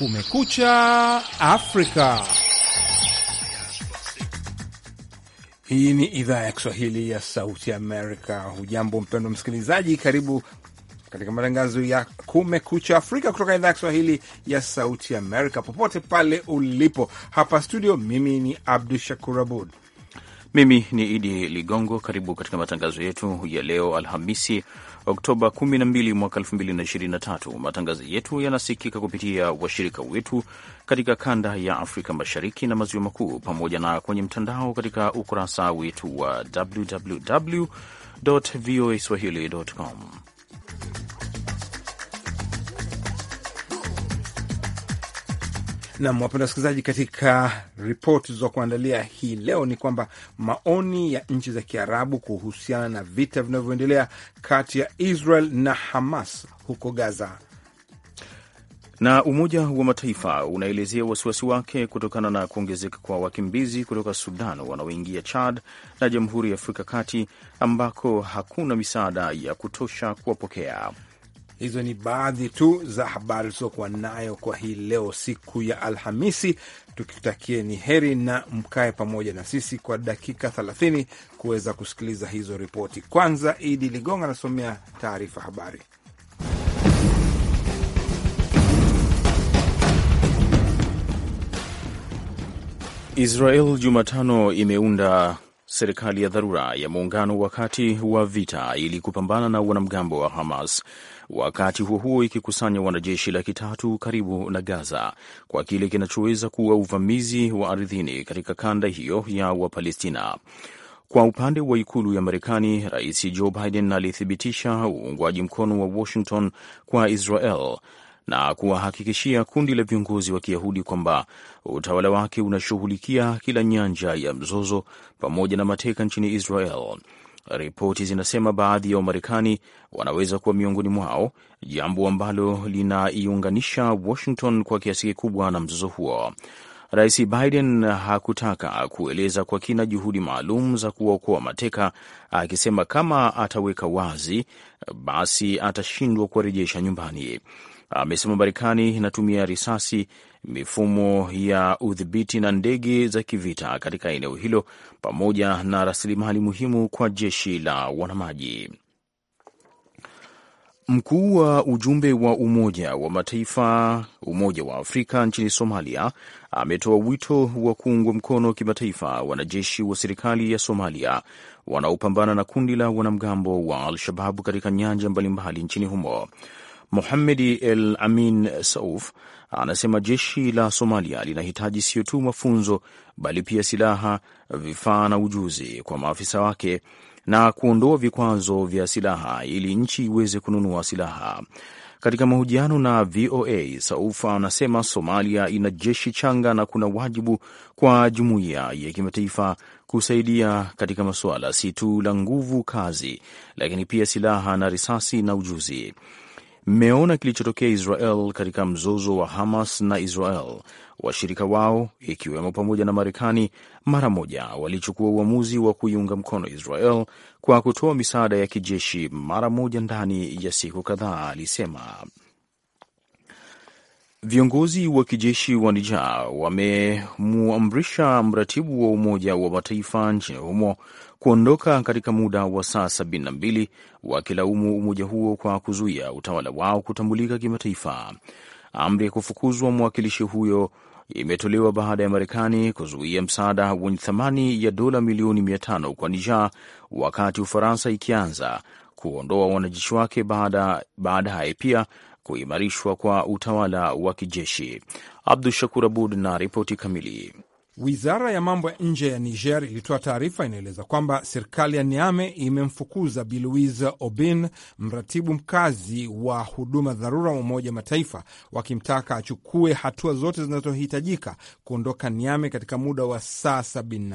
Kumekucha Afrika. Hii ni idhaa ya Kiswahili ya Sauti Amerika. Hujambo mpendwa msikilizaji, karibu katika matangazo ya Kumekucha Afrika kutoka idhaa ya Kiswahili ya Sauti Amerika, popote pale ulipo. Hapa studio, mimi ni Abdu Shakur Abud. Mimi ni Idi Ligongo. Karibu katika matangazo yetu ya leo Alhamisi Oktoba 12 mwaka 2023. Matangazo yetu yanasikika kupitia washirika wetu katika kanda ya Afrika Mashariki na Maziwa Makuu, pamoja na kwenye mtandao katika ukurasa wetu wa www voa swahili.com. Nam, wapenda wasikilizaji, katika ripoti za kuandalia hii leo ni kwamba maoni ya nchi za Kiarabu kuhusiana na vita vinavyoendelea kati ya Israel na Hamas huko Gaza na Umoja wa Mataifa unaelezea wasiwasi wake kutokana na kuongezeka kwa wakimbizi kutoka Sudan wanaoingia Chad na Jamhuri ya Afrika Kati ambako hakuna misaada ya kutosha kuwapokea. Hizo ni baadhi tu za habari tulizokuwa nayo kwa hii leo, siku ya Alhamisi. Tukitakie ni heri na mkae pamoja na sisi kwa dakika 30 kuweza kusikiliza hizo ripoti. Kwanza Idi Ligonga anasomea taarifa habari. Israel Jumatano imeunda serikali ya dharura ya muungano wakati wa vita ili kupambana na wanamgambo wa Hamas wakati huo huo ikikusanya wanajeshi laki tatu karibu na Gaza kwa kile kinachoweza kuwa uvamizi wa ardhini katika kanda hiyo ya Wapalestina. Kwa upande wa ikulu ya Marekani, Rais Joe Biden alithibitisha uungwaji mkono wa Washington kwa Israel na kuwahakikishia kundi la viongozi wa Kiyahudi kwamba utawala wake unashughulikia kila nyanja ya mzozo pamoja na mateka nchini Israel. Ripoti zinasema baadhi ya Wamarekani wanaweza kuwa miongoni mwao, jambo ambalo linaiunganisha Washington kwa kiasi kikubwa na mzozo huo. Rais Biden hakutaka kueleza kwa kina juhudi maalum za kuwaokoa mateka, akisema kama ataweka wazi, basi atashindwa kuwarejesha nyumbani. Amesema Marekani inatumia risasi mifumo ya udhibiti na ndege za kivita katika eneo hilo pamoja na rasilimali muhimu kwa jeshi la wanamaji. Mkuu wa ujumbe wa Umoja wa Mataifa, Umoja wa Afrika nchini Somalia ametoa wito wa kuungwa mkono kimataifa wanajeshi wa serikali ya Somalia wanaopambana na kundi la wanamgambo wa Al-Shababu katika nyanja mbalimbali nchini humo. Muhamedi El Amin Sauf anasema jeshi la Somalia linahitaji sio tu mafunzo bali pia silaha, vifaa na ujuzi kwa maafisa wake na kuondoa vikwazo vya silaha ili nchi iweze kununua silaha. Katika mahojiano na VOA, Saufa anasema Somalia ina jeshi changa na kuna wajibu kwa jumuiya ya kimataifa kusaidia katika masuala si tu la nguvu kazi, lakini pia silaha na risasi na ujuzi. Mmeona kilichotokea Israel katika mzozo wa Hamas na Israel. Washirika wao ikiwemo pamoja na Marekani mara moja walichukua uamuzi wa kuiunga mkono Israel kwa kutoa misaada ya kijeshi mara moja ndani ya siku kadhaa, alisema. Viongozi wa kijeshi wa Niger wamemwamrisha mratibu wa Umoja wa Mataifa nchini humo kuondoka katika muda wa saa 72 wakilaumu umoja huo kwa kuzuia utawala wao kutambulika kimataifa. Amri ya kufukuzwa mwakilishi huyo imetolewa baada ya Marekani kuzuia msaada wenye thamani ya dola milioni 500 kwa Niger, wakati Ufaransa ikianza kuondoa wanajeshi wake baada baadaye pia kuimarishwa kwa utawala wa kijeshi. Abdu Shakur Abud na ripoti kamili. Wizara ya mambo ya nje ya Niger ilitoa taarifa inaeleza kwamba serikali ya Niame imemfukuza Bi Obin, mratibu mkazi wa huduma dharura wa Umoja Mataifa, wakimtaka achukue hatua zote zinazohitajika kuondoka Niame katika muda wa saa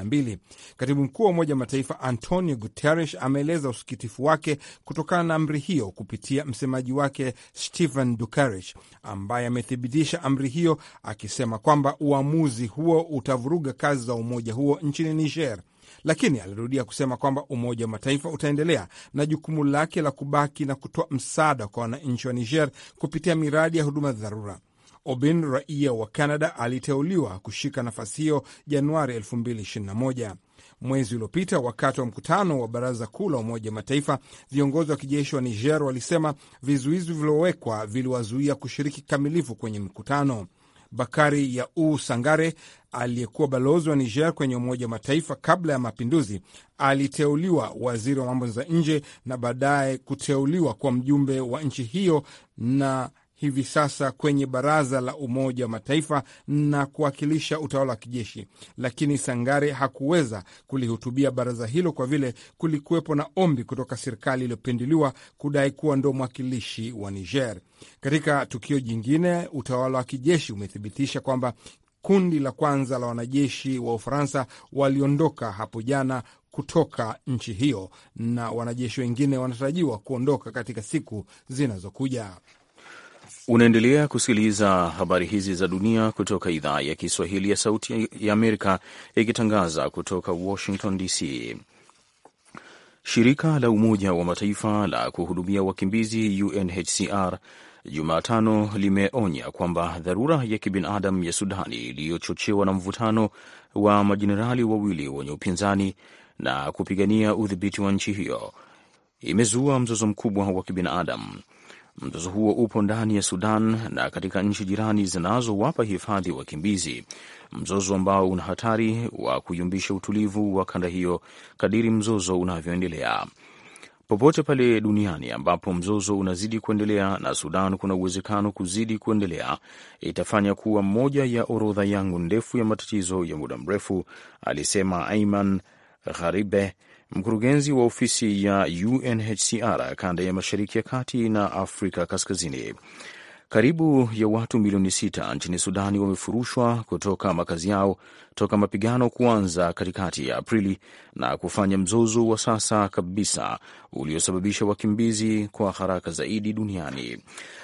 mbili. Katibu mkuu wa Umoja Mataifa Antonio Guterres ameeleza usikitifu wake kutokana na amri hiyo kupitia msemaji wake Stephen dukarish ambaye amethibitisha amri hiyo akisema kwamba uamuzi huo utavuru kuvuruga kazi za umoja huo nchini Niger, lakini alirudia kusema kwamba Umoja wa Mataifa utaendelea na jukumu lake la kubaki na kutoa msaada kwa wananchi wa Niger kupitia miradi ya huduma za dharura. Obin, raia wa Canada, aliteuliwa kushika nafasi hiyo Januari 2021. Mwezi uliopita, wakati wa mkutano wa Baraza Kuu la Umoja wa Mataifa, viongozi wa kijeshi wa Niger walisema vizuizi vilivyowekwa viliwazuia kushiriki kikamilifu kwenye mkutano. Bakari Yau Sangare aliyekuwa balozi wa Niger kwenye Umoja wa Mataifa kabla ya mapinduzi, aliteuliwa waziri wa mambo za nje na baadaye kuteuliwa kwa mjumbe wa nchi hiyo na hivi sasa kwenye baraza la Umoja wa Mataifa na kuwakilisha utawala wa kijeshi, lakini Sangare hakuweza kulihutubia baraza hilo kwa vile kulikuwepo na ombi kutoka serikali iliyopinduliwa kudai kuwa ndo mwakilishi wa Niger. Katika tukio jingine, utawala wa kijeshi umethibitisha kwamba Kundi la kwanza la wanajeshi wa Ufaransa waliondoka hapo jana kutoka nchi hiyo na wanajeshi wengine wanatarajiwa kuondoka katika siku zinazokuja. Unaendelea kusikiliza habari hizi za dunia kutoka idhaa ya Kiswahili ya Sauti ya Amerika ikitangaza kutoka Washington DC. Shirika la Umoja wa Mataifa la kuhudumia wakimbizi UNHCR Jumatano limeonya kwamba dharura ya kibinadamu ya Sudani iliyochochewa na mvutano wa majenerali wawili wenye upinzani na kupigania udhibiti wa nchi hiyo imezua mzozo mkubwa wa kibinadamu. Mzozo huo upo ndani ya Sudan na katika nchi jirani zinazowapa hifadhi wakimbizi, mzozo ambao una hatari wa kuyumbisha utulivu wa kanda hiyo kadiri mzozo unavyoendelea. Popote pale duniani ambapo mzozo unazidi kuendelea na Sudan kuna uwezekano kuzidi kuendelea, itafanya kuwa moja ya orodha yangu ndefu ya matatizo ya muda mrefu, alisema Aiman Gharibe, mkurugenzi wa ofisi ya UNHCR kanda ya Mashariki ya Kati na Afrika Kaskazini. Karibu ya watu milioni sita nchini Sudani wamefurushwa kutoka makazi yao toka mapigano kuanza katikati ya Aprili na kufanya mzozo wa sasa kabisa uliosababisha wakimbizi kwa haraka zaidi duniani.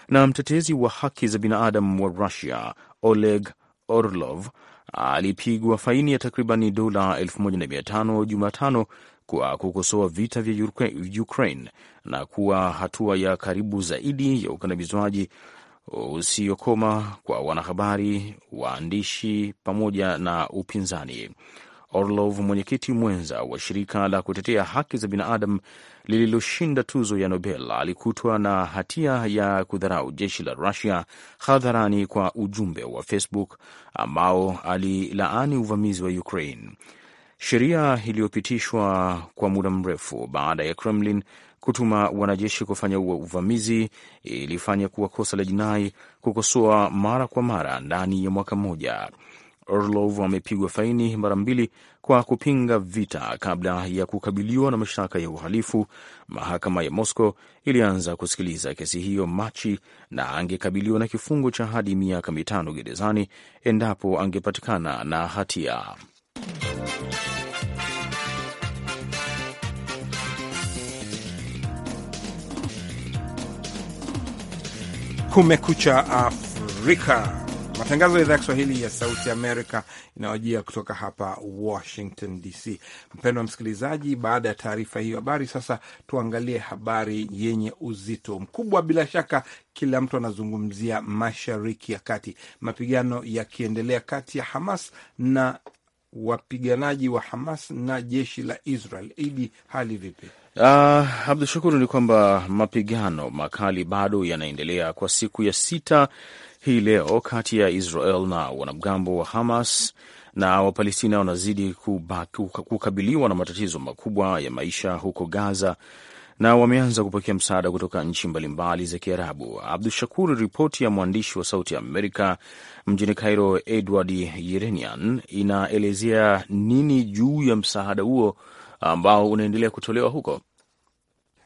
Na mtetezi wa haki za binadamu wa Russia Oleg Orlov alipigwa faini ya takribani dola 1500 Jumatano kwa kukosoa vita vya Ukraine na kuwa hatua ya karibu zaidi ya ukandamizwaji usiokoma kwa wanahabari, waandishi pamoja na upinzani. Orlov, mwenyekiti mwenza wa shirika la kutetea haki za binadamu lililoshinda tuzo ya Nobel, alikutwa na hatia ya kudharau jeshi la Rusia hadharani kwa ujumbe wa Facebook ambao alilaani uvamizi wa Ukraine. Sheria iliyopitishwa kwa muda mrefu baada ya Kremlin kutuma wanajeshi kufanya uvamizi ilifanya kuwa kosa la jinai kukosoa mara kwa mara ndani ya mwaka mmoja. Orlov amepigwa faini mara mbili kwa kupinga vita kabla ya kukabiliwa na mashtaka ya uhalifu. Mahakama ya Moscow ilianza kusikiliza kesi hiyo Machi na angekabiliwa na kifungo cha hadi miaka mitano gerezani endapo angepatikana na hatia. Kumekucha Afrika, matangazo ya idhaa ya Kiswahili ya Sauti Amerika inayojia kutoka hapa Washington DC. Mpendwa msikilizaji, baada ya taarifa hiyo habari, sasa tuangalie habari yenye uzito mkubwa. Bila shaka kila mtu anazungumzia Mashariki ya Kati, mapigano yakiendelea kati ya Hamas na wapiganaji wa Hamas na jeshi la Israel. Idi, hali vipi? Uh, Abdu Shukuru, ni kwamba mapigano makali bado yanaendelea kwa siku ya sita hii leo kati ya Israel na wanamgambo wa Hamas na Wapalestina wanazidi kukabiliwa na matatizo makubwa ya maisha huko Gaza na wameanza kupokea msaada kutoka nchi mbalimbali za Kiarabu. Abdu Shakur, ripoti ya mwandishi wa Sauti ya Amerika mjini Cairo, Edward Yerenian, inaelezea nini juu ya msaada huo ambao unaendelea kutolewa huko?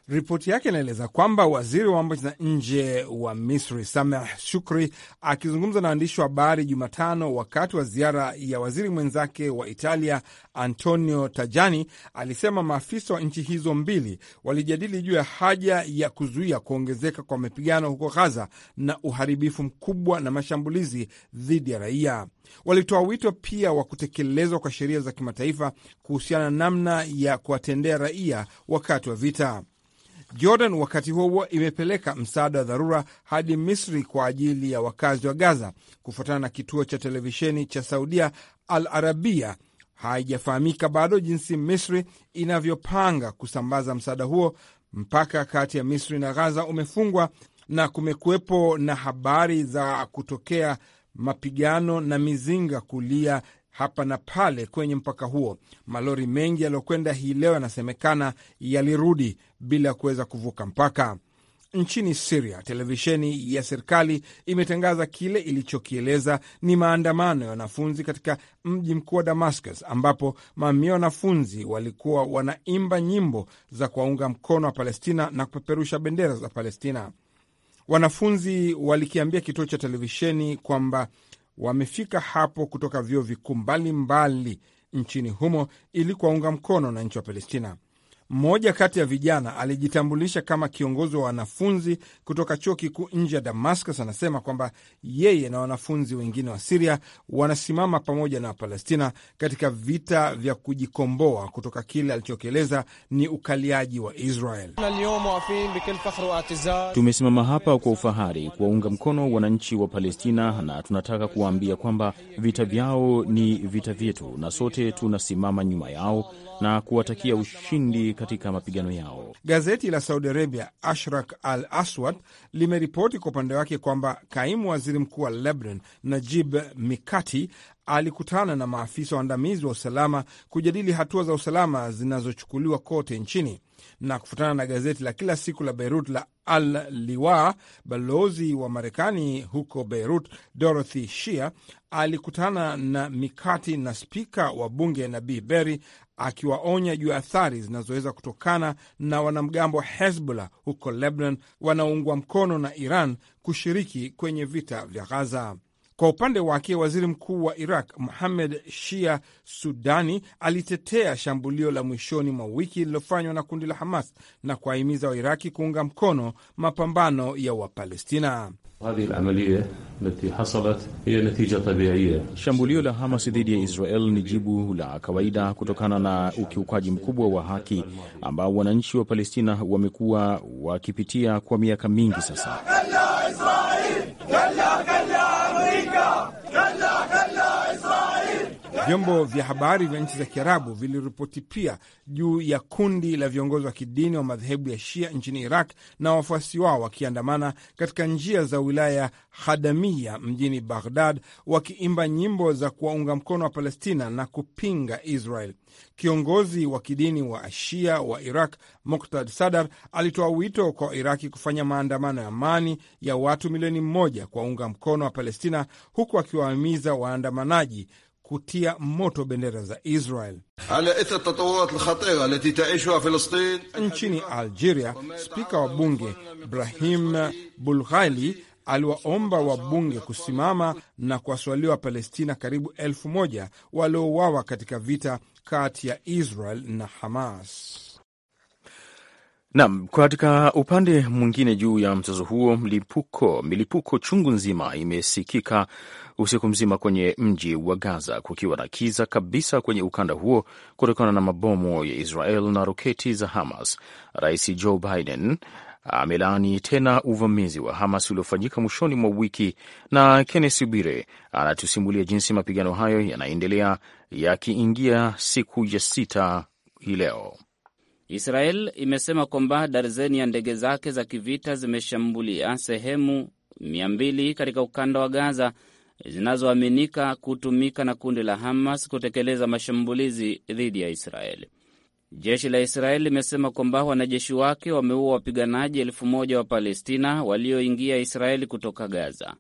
Ripoti yake inaeleza kwamba waziri wa mambo na nje wa Misri Sameh Shukri akizungumza na waandishi wa habari Jumatano wakati wa ziara ya waziri mwenzake wa Italia Antonio Tajani alisema maafisa wa nchi hizo mbili walijadili juu ya haja ya kuzuia kuongezeka kwa mapigano huko ghaza na uharibifu mkubwa na mashambulizi dhidi ya raia. Walitoa wito pia wa kutekelezwa kwa sheria za kimataifa kuhusiana na namna ya kuwatendea raia wakati wa vita. Jordan wakati huo huo imepeleka msaada wa dharura hadi Misri kwa ajili ya wakazi wa Gaza. Kufuatana na kituo cha televisheni cha Saudia Al Arabia, haijafahamika bado jinsi Misri inavyopanga kusambaza msaada huo. Mpaka kati ya Misri na Gaza umefungwa na kumekuwepo na habari za kutokea mapigano na mizinga kulia hapa na pale kwenye mpaka huo. Malori mengi yaliyokwenda hii leo yanasemekana yalirudi bila kuweza kuvuka mpaka. Nchini Siria, televisheni ya serikali imetangaza kile ilichokieleza ni maandamano ya wanafunzi katika mji mkuu wa Damascus, ambapo mamia wanafunzi walikuwa wanaimba nyimbo za kuwaunga mkono wa Palestina na kupeperusha bendera za Palestina. Wanafunzi walikiambia kituo cha televisheni kwamba wamefika hapo kutoka vyuo vikuu mbalimbali nchini humo ili kuwaunga mkono wananchi wa Palestina. Mmoja kati ya vijana alijitambulisha kama kiongozi wa wanafunzi kutoka chuo kikuu nje ya Damascus. Anasema kwamba yeye na wanafunzi wengine wa Siria wanasimama pamoja na Wapalestina katika vita vya kujikomboa kutoka kile alichokieleza ni ukaliaji wa Israel. Tumesimama hapa kwa ufahari kuwaunga mkono wananchi wa Palestina, na tunataka kuwaambia kwamba vita vyao ni vita vyetu na sote tunasimama nyuma yao na kuwatakia ushindi katika mapigano yao. Gazeti la Saudi Arabia Ashrak Al Aswad limeripoti kwa upande wake kwamba kaimu waziri mkuu wa Lebanon Najib Mikati alikutana na maafisa waandamizi wa usalama kujadili hatua za usalama zinazochukuliwa kote nchini. Na kufutana na gazeti la kila siku la Beirut la Al Liwa, balozi wa Marekani huko Beirut Dorothy Shia alikutana na Mikati na spika wa bunge Nabii Berri akiwaonya juu ya athari zinazoweza kutokana na wanamgambo wa Hezbollah huko Lebanon wanaoungwa mkono na Iran kushiriki kwenye vita vya Ghaza. Kwa upande wake waziri mkuu wa Iraq Muhamed Shia Sudani alitetea shambulio la mwishoni mwa wiki lililofanywa na kundi la Hamas na kuwahimiza Wairaki kuunga mkono mapambano ya Wapalestina. Shambulio la Hamas dhidi ya Israel ni jibu la kawaida kutokana na ukiukaji mkubwa wa haki ambao wananchi wa Palestina wamekuwa wakipitia kwa miaka mingi sasa. Vyombo vya habari vya nchi za Kiarabu viliripoti pia juu ya kundi la viongozi wa kidini wa madhehebu ya Shia nchini Iraq na wafuasi wao wakiandamana katika njia za wilaya Hadamia mjini Baghdad, wakiimba nyimbo za kuwaunga mkono wa Palestina na kupinga Israel. Kiongozi wa kidini wa Shia wa Iraq Muktad Sadar alitoa wito kwa Iraki kufanya maandamano ya amani ya watu milioni mmoja kuwaunga mkono wa Palestina, huku akiwahimiza waandamanaji kutia moto bendera za Israel. Nchini Algeria, spika wa bunge Ibrahim Bulghali aliwaomba wabunge kusimama na wa palestina karibu elfu moja waliouawa katika vita kati ya Israel na Hamas. Nam, katika upande mwingine juu ya mzozo huo, mlipuko milipuko chungu nzima imesikika usiku mzima kwenye mji wa Gaza kukiwa na kiza kabisa kwenye ukanda huo kutokana na mabomu ya Israel na roketi za Hamas. Rais Joe Biden amelaani tena uvamizi wa Hamas uliofanyika mwishoni mwa wiki, na Kennes Bwire anatusimulia jinsi mapigano hayo yanaendelea yakiingia siku ya sita hii leo. Israel imesema kwamba darzeni ya ndege zake za kivita zimeshambulia sehemu 200 katika ukanda wa Gaza zinazoaminika kutumika na kundi la Hamas kutekeleza mashambulizi dhidi ya Israeli. Jeshi la Israeli limesema kwamba wanajeshi wake wameua wapiganaji elfu moja wa Palestina walioingia Israeli kutoka Gaza.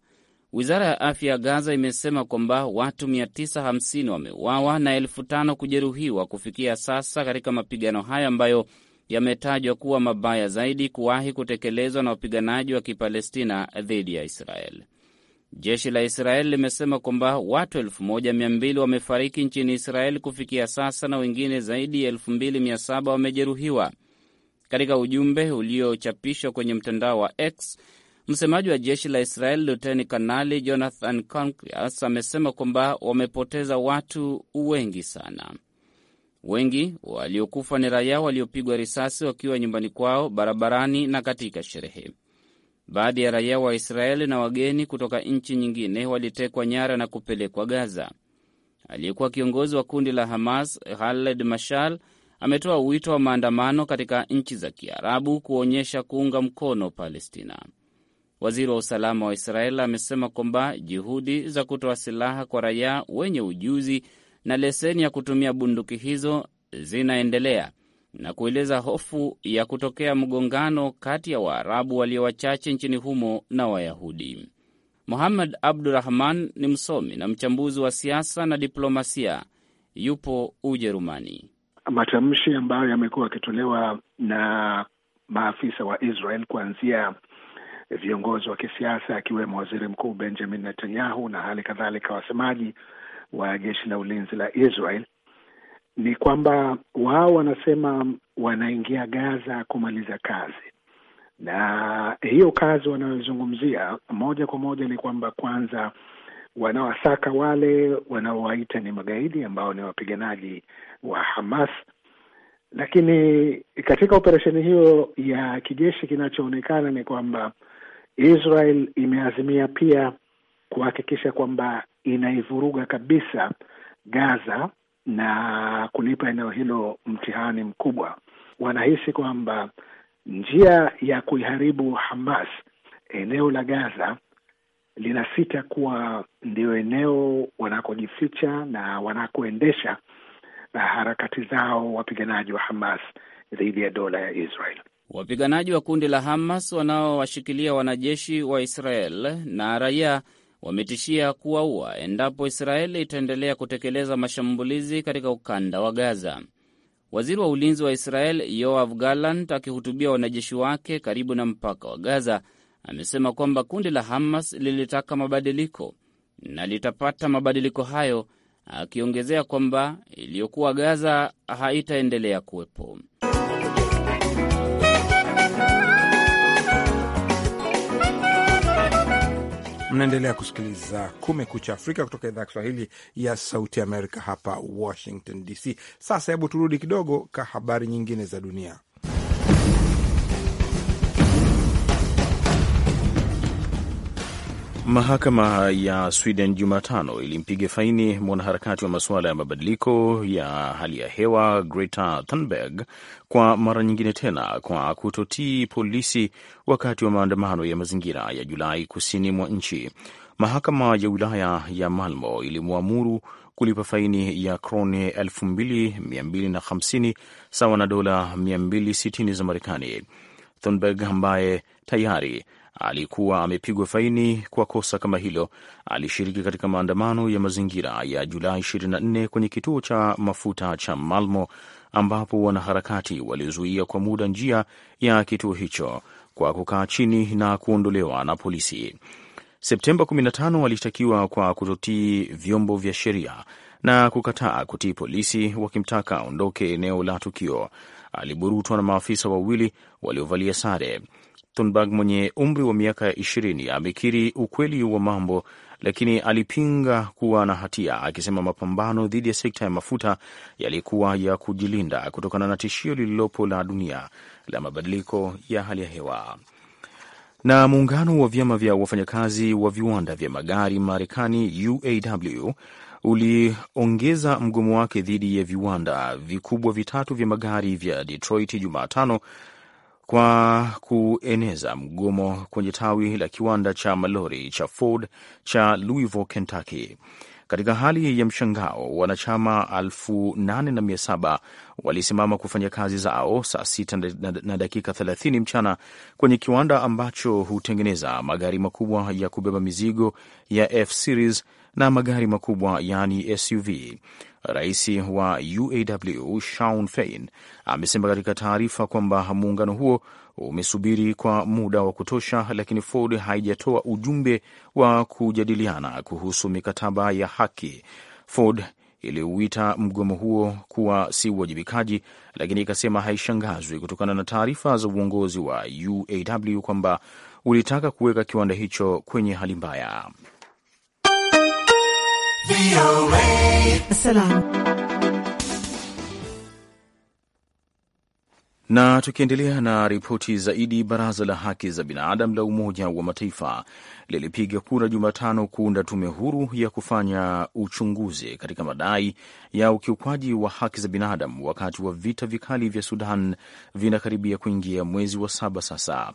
Wizara ya afya ya Gaza imesema kwamba watu 950 wameuawa na elfu tano kujeruhiwa kufikia sasa katika mapigano hayo ambayo yametajwa kuwa mabaya zaidi kuwahi kutekelezwa na wapiganaji wa Kipalestina dhidi ya Israeli. Jeshi la Israeli limesema kwamba watu 1200 wamefariki nchini Israeli kufikia sasa na wengine zaidi ya 2700 wamejeruhiwa. Katika ujumbe uliochapishwa kwenye mtandao wa X, msemaji wa jeshi la Israeli Luteni Kanali Jonathan Concrias amesema kwamba wamepoteza watu wengi sana. Wengi waliokufa ni raia waliopigwa risasi wakiwa nyumbani kwao, barabarani na katika sherehe. Baadhi ya raia wa Israeli na wageni kutoka nchi nyingine walitekwa nyara na kupelekwa Gaza. Aliyekuwa kiongozi wa kundi la Hamas Khaled Mashal ametoa wito wa maandamano katika nchi za Kiarabu kuonyesha kuunga mkono Palestina. Waziri wa usalama wa Israeli amesema kwamba juhudi za kutoa silaha kwa raia wenye ujuzi na leseni ya kutumia bunduki hizo zinaendelea na kueleza hofu ya kutokea mgongano kati ya Waarabu walio wachache nchini humo na Wayahudi. Muhammad Abdurahman ni msomi na mchambuzi wa siasa na diplomasia, yupo Ujerumani. Matamshi ambayo yamekuwa yakitolewa na maafisa wa Israel kuanzia viongozi wa kisiasa akiwemo waziri mkuu Benjamin Netanyahu na hali kadhalika wasemaji wa jeshi la ulinzi la Israel ni kwamba wao wanasema wanaingia Gaza kumaliza kazi, na hiyo kazi wanayozungumzia moja kwa moja ni kwamba kwanza wanawasaka wale wanaowaita ni magaidi ambao ni wapiganaji wa Hamas, lakini katika operesheni hiyo ya kijeshi kinachoonekana ni kwamba Israel imeazimia pia kuhakikisha kwamba inaivuruga kabisa Gaza na kunipa eneo hilo mtihani mkubwa. Wanahisi kwamba njia ya kuiharibu Hamas eneo la Gaza linasita kuwa ndio eneo wanakojificha na wanakoendesha uh, harakati zao wapiganaji wa Hamas dhidi ya dola ya Israel. Wapiganaji wa kundi la Hamas wanaowashikilia wanajeshi wa Israel na raia wametishia kuwaua endapo Israeli itaendelea kutekeleza mashambulizi katika ukanda wa Gaza. Waziri wa ulinzi wa Israel Yoav Gallant akihutubia wanajeshi wake karibu na mpaka wa Gaza amesema kwamba kundi la Hamas lilitaka mabadiliko na litapata mabadiliko hayo, akiongezea kwamba iliyokuwa Gaza haitaendelea kuwepo. Mnaendelea kusikiliza Kumekucha Afrika kutoka idhaa ya Kiswahili ya Sauti Amerika hapa Washington DC. Sasa hebu turudi kidogo ka habari nyingine za dunia. Mahakama ya Sweden Jumatano ilimpiga faini mwanaharakati wa masuala ya mabadiliko ya hali ya hewa Greta Thunberg kwa mara nyingine tena kwa kutotii polisi wakati wa maandamano ya mazingira ya Julai kusini mwa nchi. Mahakama ya wilaya ya Malmo ilimwamuru kulipa faini ya krone 2250 sawa na dola 260 za Marekani. Thunberg ambaye tayari alikuwa amepigwa faini kwa kosa kama hilo. Alishiriki katika maandamano ya mazingira ya Julai 24 kwenye kituo cha mafuta cha Malmo, ambapo wanaharakati walizuia kwa muda njia ya kituo hicho kwa kukaa chini na kuondolewa na polisi. Septemba 15 alishtakiwa kwa kutotii vyombo vya sheria na kukataa kutii polisi wakimtaka aondoke eneo la tukio. Aliburutwa na maafisa wawili waliovalia sare. Thunberg mwenye umri wa miaka ishirini amekiri ukweli wa mambo, lakini alipinga kuwa na hatia, akisema mapambano dhidi ya sekta ya mafuta yalikuwa ya kujilinda kutokana na tishio lililopo la dunia la mabadiliko ya hali ya hewa. Na muungano wa vyama vya wafanyakazi wa viwanda vya magari Marekani UAW uliongeza mgomo wake dhidi ya viwanda vikubwa vitatu vya magari vya Detroit Jumatano kwa kueneza mgomo kwenye tawi la kiwanda cha malori cha Ford cha Louisville, Kentucky. Katika hali ya mshangao, wanachama 87 walisimama kufanya kazi zao saa 6 na dakika 30 mchana kwenye kiwanda ambacho hutengeneza magari makubwa ya kubeba mizigo ya F-Series na magari makubwa yaani SUV. Rais wa UAW Shaun Fein amesema katika taarifa kwamba muungano huo umesubiri kwa muda wa kutosha, lakini Ford haijatoa ujumbe wa kujadiliana kuhusu mikataba ya haki. Ford iliuita mgomo huo kuwa si uwajibikaji, lakini ikasema haishangazwi kutokana na taarifa za uongozi wa UAW kwamba ulitaka kuweka kiwanda hicho kwenye hali mbaya. Assalam. Na tukiendelea na ripoti zaidi, baraza la haki za binadamu la Umoja wa Mataifa lilipiga kura Jumatano kuunda tume huru ya kufanya uchunguzi katika madai ya ukiukwaji wa haki za binadamu wakati wa vita vikali vya Sudan vinakaribia kuingia mwezi wa saba sasa.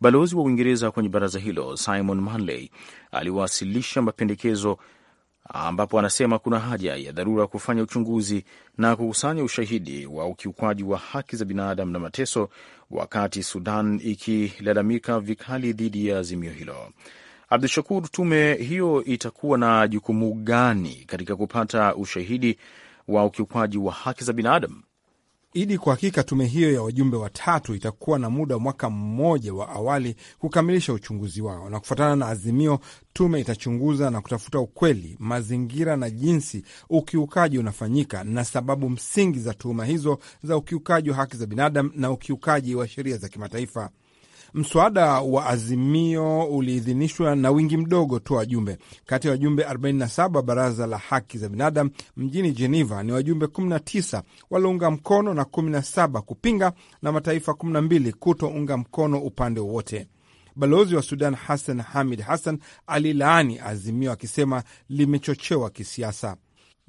Balozi wa Uingereza kwenye baraza hilo Simon Manley aliwasilisha mapendekezo ambapo anasema kuna haja ya dharura kufanya uchunguzi na kukusanya ushahidi wa ukiukwaji wa haki za binadamu na mateso, wakati Sudan ikilalamika vikali dhidi ya azimio hilo. Abdu Shakur, tume hiyo itakuwa na jukumu gani katika kupata ushahidi wa ukiukwaji wa haki za binadamu? Idi, kwa hakika tume hiyo ya wajumbe watatu itakuwa na muda wa mwaka mmoja wa awali kukamilisha uchunguzi wao, na kufuatana na azimio, tume itachunguza na kutafuta ukweli, mazingira na jinsi ukiukaji unafanyika na sababu msingi za tuhuma hizo za ukiukaji wa haki za binadamu na ukiukaji wa sheria za kimataifa. Mswada wa azimio uliidhinishwa na wingi mdogo tu wa wajumbe. Kati ya wajumbe 47 wa baraza la haki za binadamu mjini Geneva, ni wajumbe 19 waliounga mkono na 17 kupinga, na mataifa 12 kutounga mkono upande wowote. Balozi wa Sudan Hassan Hamid Hassan alilaani azimio akisema limechochewa kisiasa.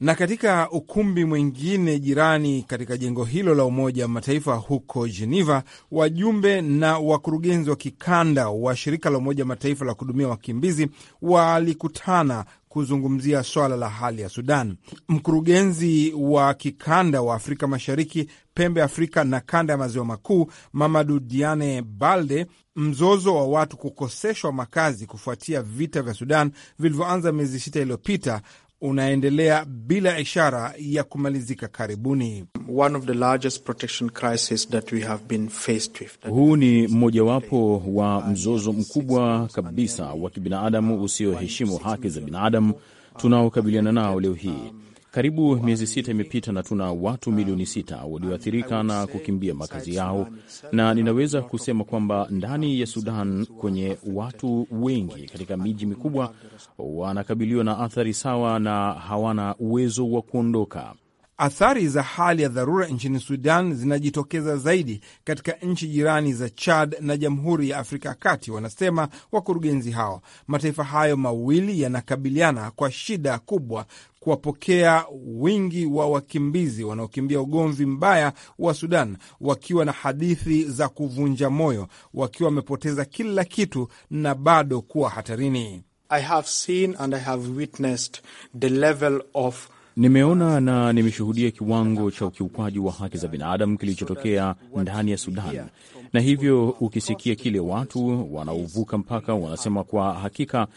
Na katika ukumbi mwingine jirani katika jengo hilo la Umoja wa Mataifa huko Geneva, wajumbe na wakurugenzi wa kikanda wa shirika la Umoja wa Mataifa la kuhudumia wakimbizi walikutana kuzungumzia swala la hali ya Sudan. Mkurugenzi wa kikanda wa Afrika Mashariki, pembe Afrika na kanda ya maziwa makuu, Mamadu Diane Balde, mzozo wa watu kukoseshwa makazi kufuatia vita vya Sudan vilivyoanza miezi sita iliyopita unaendelea bila ishara ya kumalizika karibuni. One of the largest protection crisis that we have been faced with. Huu ni mmojawapo wa mzozo mkubwa kabisa wa kibinadamu usioheshimu haki za binadamu tunaokabiliana nao leo hii. Karibu miezi sita imepita na tuna watu milioni sita walioathirika na kukimbia makazi yao, na ninaweza kusema kwamba ndani ya Sudan kwenye watu wengi katika miji mikubwa wanakabiliwa na athari sawa na hawana uwezo wa kuondoka. Athari za hali ya dharura nchini Sudan zinajitokeza zaidi katika nchi jirani za Chad na Jamhuri ya Afrika ya Kati, wanasema wakurugenzi hao. Mataifa hayo mawili yanakabiliana kwa shida kubwa kuwapokea wingi wa wakimbizi wanaokimbia ugomvi mbaya wa Sudan, wakiwa na hadithi za kuvunja moyo, wakiwa wamepoteza kila kitu na bado kuwa hatarini. I have seen and I have witnessed the level of Nimeona na nimeshuhudia kiwango cha ukiukwaji wa haki za binadamu kilichotokea ndani ya Sudan, na hivyo ukisikia kile watu wanaovuka mpaka wanasema, kwa hakika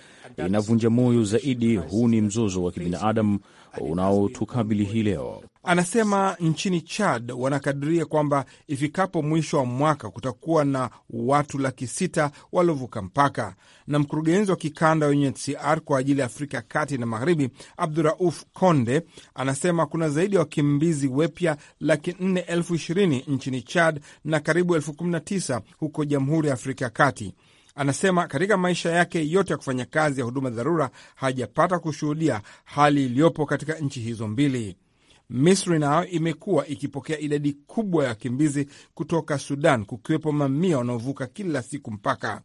inavunja moyo zaidi. Huu ni mzozo wa kibinadamu unaotukabili hii leo. Anasema nchini Chad wanakadiria kwamba ifikapo mwisho wa mwaka kutakuwa na watu laki sita waliovuka mpaka. Na mkurugenzi wa kikanda wa UNHCR kwa ajili ya Afrika ya kati na magharibi, Abdurauf Konde, anasema kuna zaidi ya wa wakimbizi wepya laki nne elfu ishirini nchini Chad na karibu elfu kumi na tisa huko Jamhuri ya Afrika ya Kati. Anasema katika maisha yake yote ya kufanya kazi ya huduma dharura hajapata kushuhudia hali iliyopo katika nchi hizo mbili. Misri nayo imekuwa ikipokea idadi kubwa ya wakimbizi kutoka Sudan, kukiwepo mamia wanaovuka kila siku mpaka.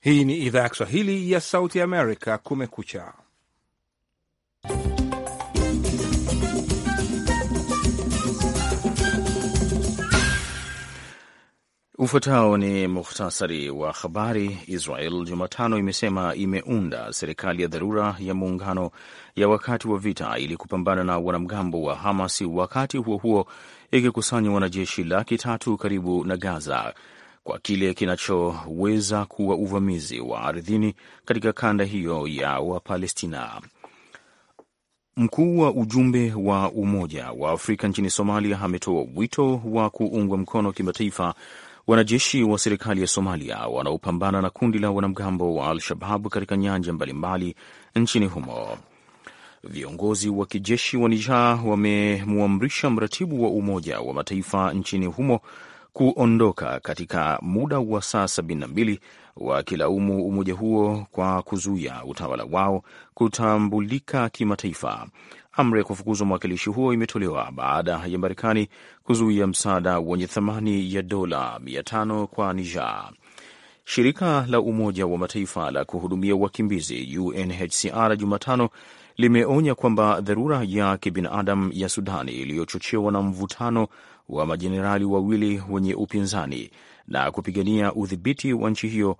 Hii ni idhaa ya Kiswahili ya Sauti ya Amerika, Kumekucha. Ufuatao ni muhtasari wa habari. Israel Jumatano imesema imeunda serikali ya dharura ya muungano ya wakati wa vita ili kupambana na wanamgambo wa Hamas, wakati huo huo ikikusanya wanajeshi laki tatu karibu na Gaza kwa kile kinachoweza kuwa uvamizi wa ardhini katika kanda hiyo ya Wapalestina. Mkuu wa ujumbe wa Umoja wa Afrika nchini Somalia ametoa wito wa kuungwa mkono kimataifa Wanajeshi wa serikali ya Somalia wanaopambana na kundi la wanamgambo wa Al-Shabab katika nyanja mbalimbali nchini humo. Viongozi wa kijeshi wa nijaa wamemwamrisha mratibu wa Umoja wa Mataifa nchini humo kuondoka katika muda wa saa mbili wakilaumu umoja huo kwa kuzuia utawala wao kutambulika kimataifa. Amri ya kufukuzwa mwakilishi huo imetolewa baada ya Marekani kuzuia msaada wenye thamani ya dola tano kwa Niger. Shirika la Umoja wa Mataifa la kuhudumia wakimbizi UNHCR Jumatano limeonya kwamba dharura ya kibinadamu ya Sudani iliyochochewa na mvutano wa majenerali wawili wenye upinzani na kupigania udhibiti wa nchi hiyo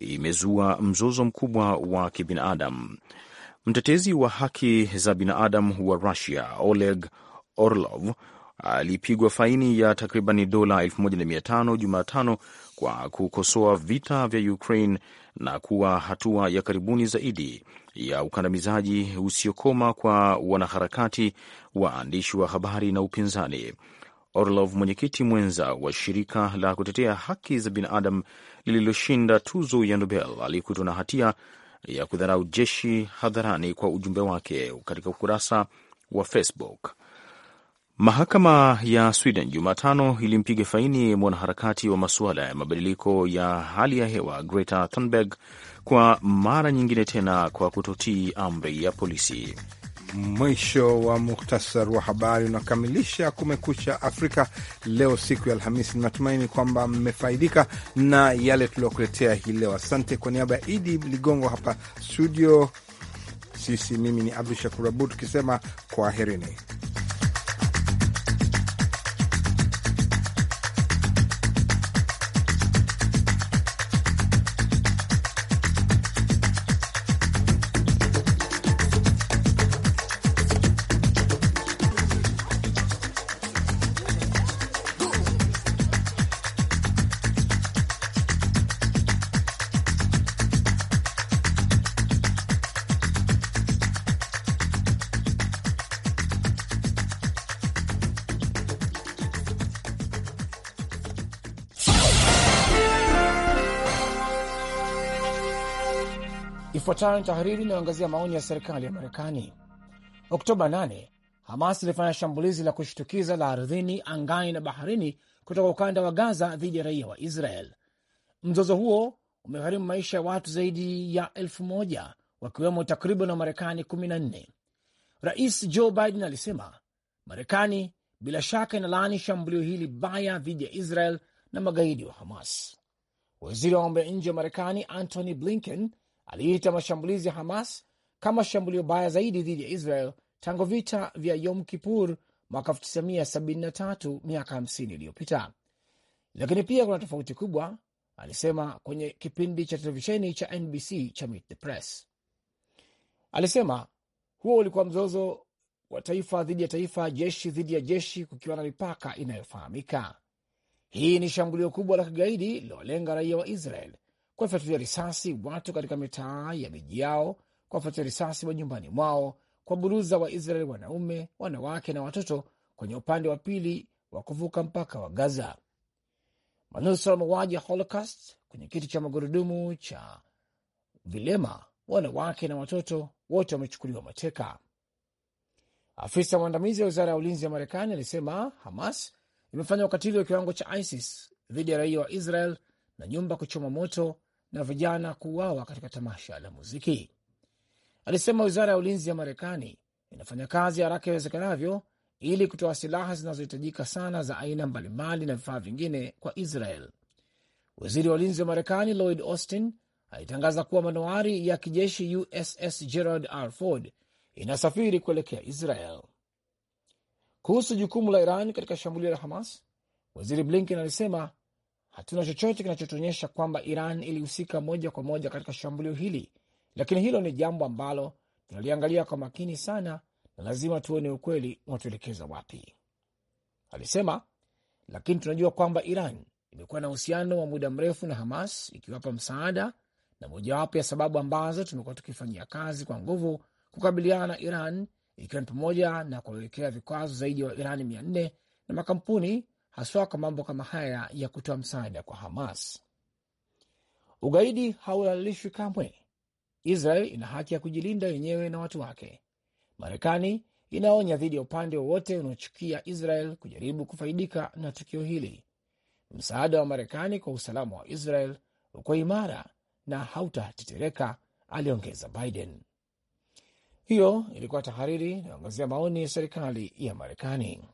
imezua mzozo mkubwa wa kibinadamu. Mtetezi wa haki za binadamu wa Rusia Oleg Orlov alipigwa faini ya takribani dola 1500 Jumatano kwa kukosoa vita vya Ukraine na kuwa hatua ya karibuni zaidi ya ukandamizaji usiokoma kwa wanaharakati, waandishi wa habari na upinzani. Orlov, mwenyekiti mwenza wa shirika la kutetea haki za binadamu lililoshinda tuzo ya Nobel, alikutwa na hatia ya kudharau jeshi hadharani kwa ujumbe wake katika ukurasa wa Facebook. Mahakama ya Sweden Jumatano ilimpiga faini mwanaharakati wa masuala ya mabadiliko ya hali ya hewa Greta Thunberg kwa mara nyingine tena kwa kutotii amri ya polisi. Mwisho wa muhtasar wa habari unakamilisha Kumekucha Afrika leo, siku ya Alhamisi. Natumaini kwamba mmefaidika na yale tuliokuletea hii leo. Asante kwa niaba ya Idi Ligongo hapa studio, sisi mimi ni Abdu Shakur Abud tukisema kwaherini. Ifuatayo ni tahariri inayoangazia maoni ya serikali ya Marekani. Oktoba 8 Hamas ilifanya shambulizi la kushtukiza la ardhini, angani na baharini kutoka ukanda wa Gaza dhidi ya raia wa Israel. Mzozo huo umegharimu maisha ya watu zaidi ya elfu moja wakiwemo takriban wa Marekani 14. Rais Joe Biden alisema Marekani bila shaka inalaani shambulio hili baya dhidi ya Israel na magaidi wa Hamas. Waziri wa mambo ya nje wa Marekani Antony Blinken aliita mashambulizi ya Hamas kama shambulio baya zaidi dhidi ya Israel tangu vita vya Yom Kipur mwaka 1973 miaka 50 iliyopita. Lakini pia kuna tofauti kubwa, alisema kwenye kipindi cha televisheni cha NBC cha Meet the Press. Alisema huo ulikuwa mzozo wa taifa dhidi ya taifa, jeshi dhidi ya jeshi, kukiwa na mipaka inayofahamika. Hii ni shambulio kubwa la kigaidi lilolenga raia wa Israel kuwafuatilia risasi watu katika mitaa ya miji yao, kuwafuatilia risasi majumbani mwao, kuwaburuza Waisraeli wanaume, wanawake na watoto kwenye upande wa pili wa kuvuka mpaka wa Gaza. Manusura wa mauaji ya Holocaust kwenye kiti cha magurudumu cha vilema, wanawake na watoto wote wamechukuliwa mateka. Afisa mwandamizi wa wizara ya ulinzi ya Marekani alisema Hamas imefanya ukatili wa kiwango cha ISIS dhidi ya raia wa Israel na nyumba kuchoma moto na vijana kuuawa katika tamasha la muziki. Alisema wizara ya ulinzi ya Marekani inafanya kazi haraka iwezekanavyo ili kutoa silaha zinazohitajika sana za aina mbalimbali na vifaa vingine kwa Israel. Waziri wa ulinzi wa Marekani Lloyd Austin alitangaza kuwa manowari ya kijeshi USS Gerald R. Ford inasafiri kuelekea Israel. Kuhusu jukumu la Iran katika shambulio la Hamas, waziri Blinken alisema Hatuna chochote kinachotuonyesha kwamba Iran ilihusika moja kwa moja katika shambulio hili, lakini hilo ni jambo ambalo tunaliangalia kwa makini sana na lazima tuone ukweli unatuelekeza wapi, alisema. Lakini tunajua kwamba Iran imekuwa na uhusiano wa muda mrefu na Hamas, ikiwapa msaada na mojawapo ya sababu ambazo tumekuwa tukifanyia kazi kwa nguvu kukabiliana na Iran, ikiwa ni pamoja na kuwawekea vikwazo zaidi ya wa Wairani mia nne na makampuni haswa kwa mambo kama haya ya kutoa msaada kwa Hamas. Ugaidi haulalishwi kamwe. Israel ina haki ya kujilinda yenyewe na watu wake. Marekani inaonya dhidi ya upande wowote unaochukia Israel kujaribu kufaidika na tukio hili. Msaada wa Marekani kwa usalama wa Israel uko imara na hautatetereka, aliongeza Biden. Hiyo ilikuwa tahariri inayoangazia maoni ya serikali ya Marekani.